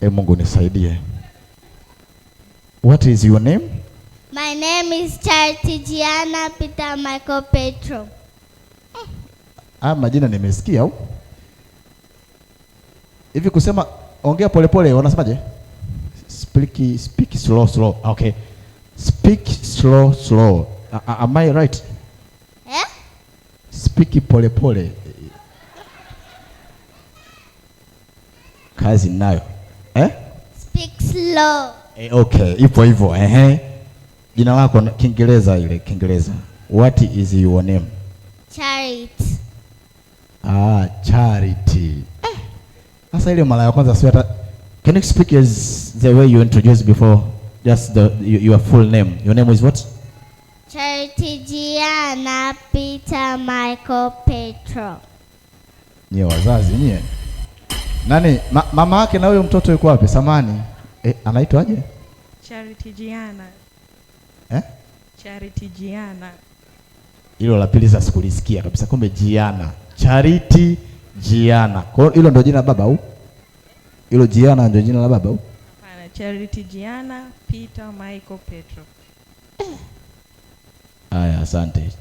E Mungu nisaidie. What is your name? My name is Charity Gianna Peter Michael Petro. Ah, majina nimesikia au? Hivi kusema ongea polepole wanasemaje? Speak speak slow slow. Ah, okay. Speak slow slow. A ah, ah, am I right? Eh? Yeah? Speak polepole. Kazi nayo hilo. E, eh, okay, ipo hivyo ehe. Jina lako Kiingereza, ile Kiingereza. What is your name? Charity. Ah, Charity. Eh. Sasa ile mara ya kwanza sio hata Can you speak as the way you introduced before? Just the your full name. Your name is what? Charity Gianna Peter Michael Petro. Nye wazazi nye. Nani ma, mama yake na huyo mtoto yuko wapi? Samani eh, anaitwaje? Charity Jiana. Eh? Charity Jiana. Hilo la pili sasa sikulisikia kabisa, kumbe Jiana. Charity Jiana. Kwa hilo ndio jina baba au? Hilo Jiana ndio jina la baba au? Hapana, Charity Jiana, Peter Michael Petro. Haya, asante.